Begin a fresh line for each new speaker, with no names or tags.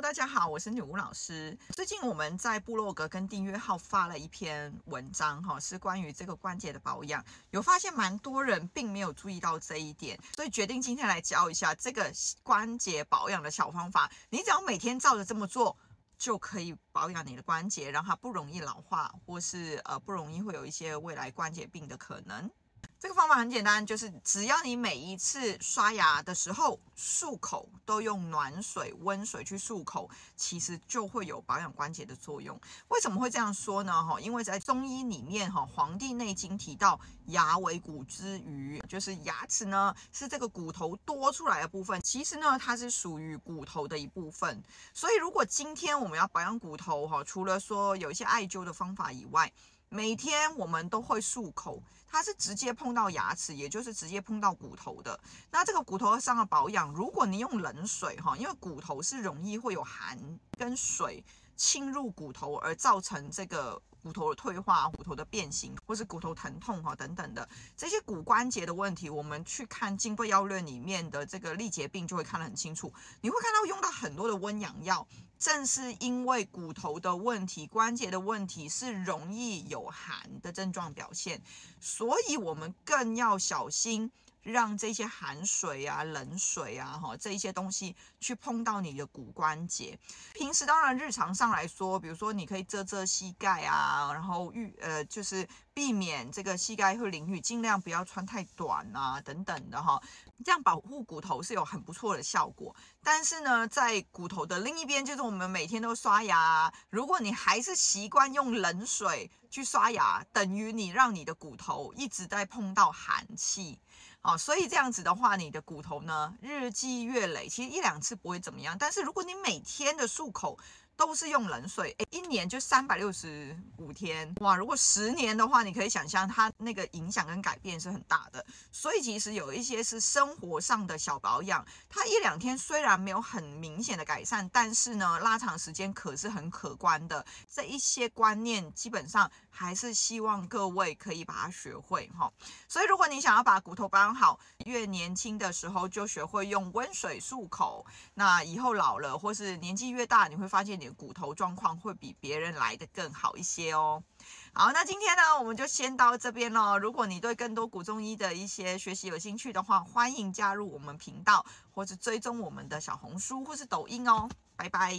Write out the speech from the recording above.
大家好，我是女巫老師。最近我們在部落格跟訂閱號發了一篇文章，哈，是關於這個關節的保養。有發現蠻多人並沒有注意到這一點，所以決定今天來教一下這個關節保養的小方法。你只要每天照着這麼做，就可以保養你的關節，讓它不容易老化，或是，呃，不容易會有一些未來關節病的可能。這個方法很簡單，就是只要你每一次刷牙的時候漱口，都用暖水、溫水去漱口，其實就會有保養關節的作用。為什麼會這樣說呢？哈，因為在中醫裡面，哈《黃帝內經》提到，牙為骨之餘，就是牙齒呢是這個骨頭多出來的部分。其實呢，它是屬於骨頭的一部分。所以如果今天我們要保養骨頭，哈，除了說有一些艾灸的方法以外，每天我們都會漱口，它是直接碰到牙齒，也就是直接碰到骨頭的。那這個骨頭上的保養，如果你用冷水齁，因為骨頭是容易會有寒跟水侵入骨頭而造成這個。骨頭的退化，骨頭的變形，或是骨頭疼痛哈等等的這些骨關節的問題，我們去看《金匱要略》裡面的這個歷節病就會看得很清楚。你會看到用到很多的溫陽藥。正是因為骨頭的問題、關節的問題是容易有寒的症狀表現，所以我們更要小心讓這些寒水啊、冷水啊哈這一些東西去碰到你的骨關節。平時當然日常上來說，比如說你可以遮遮膝蓋啊。啊，然後預呃就是避免這個膝蓋會淋雨，盡量不要穿太短啊等等的哈、哦，這樣保護骨頭是有很不錯的效果。但是呢，在骨頭的另一邊，就是我們每天都刷牙，如果你還是習慣用冷水去刷牙，等於你讓你的骨頭一直在碰到寒氣啊、哦，所以這樣子的話，你的骨頭呢日積月累，其實一兩次不會怎麼樣，但是如果你每天的漱口。都是用冷水，誒，一年就三百六十五天哇，如果十年的話，你可以想象它那個影響跟改變是很大的。所以其實有一些是生活上的小保養，它一兩天雖然沒有很明顯的改善，但是呢，拉長時間可是很可觀的。這一些觀念基本上還是希望各位可以把它學會哈、哦。所以如果你想要把骨頭保養好，越年輕的時候就學會用溫水漱口，那以後老了或是年紀越大，你會發現你。骨頭狀況會比別人來的更好一些哦。好，那今天呢，我們就先到這邊嘍、哦。如果你對更多古中醫的一些學習有興趣的話，歡迎加入我們頻道，或者追蹤我們的小紅書或是抖音哦。拜拜。